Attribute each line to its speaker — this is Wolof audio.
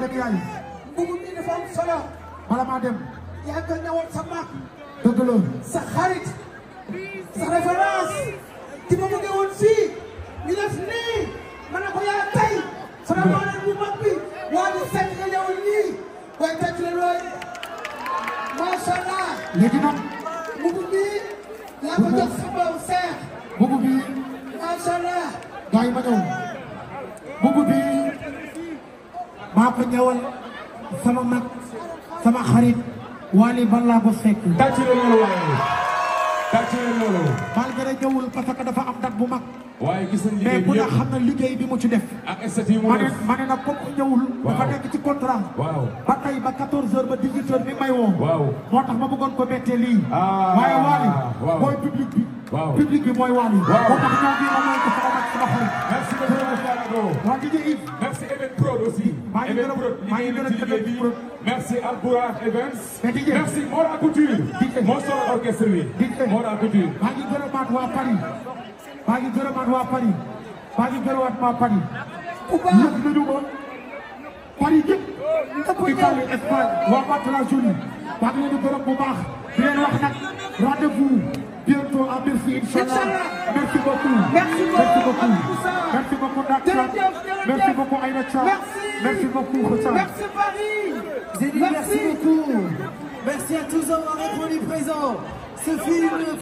Speaker 1: dëgg yaay. mbubu mi dafa am solo. bala maa dem. yaa ngi ñëwoon sa mag. dëgg la. sa xarit. sa référence. di ma bëggee woon fii. ñu def nii. ma ne ko yaa tey. sama maanaam bu mag bi. waa ñu fekk nga ñëwoon nii. waaye fekk na looy. macha allah. léegi nag. mbubu mi. yaa ko jox sa maam Seex. mbubu bi. macha allah. gars yi ma ñëw. mbubu bi. maa ko ñawal sama mag sama xarit Wally Ballago Seck. tàcc na loolu waaye tàcc na loolu. parce que dafa am date bu mag. waaye gis nañ na liggéey bi mu ci def. ak statut mu def ma ne ma ne nag kooku ñëwul. dafa nekk ci contrat. waaw ba tey ba 14h ba 18h mi may woo. waaw moo tax ma bëggoon ko méttee lii. Ah. waaye Wally. waaw mooy public bi. waaw public bi mooy Wally. waaw moo tax ñoom bii ma may ko sama mag sama xarit. merci beaucoup Ballago. waa DJ Yves. merci Event Prod aussi. maa ngi gën a prod maa ngi gën a tëdd bi merci Albourah Events. merci Mora Couture. moo solo orchestre bi. Mora Couture. maa ngi gërëmaat waa Paris. maa ngi gërëmaat waa Paris. maa ngi gërëmaat waa Paris. yëpp nañu ma. Paris yëpp. Italie Espagne waa Matelas Jolie. maa ngi leen di gërëm bu baax. di leen wax nag rendez-vous bientôt à merci inchallah merci beaucoup merci beaucoup merci beaucoup Merci beaucoup Aïda Merci. Merci beaucoup Kheucha. Merci Paris. Zélie, merci. merci beaucoup. Merci à tous d'avoir répondu présent. Ce film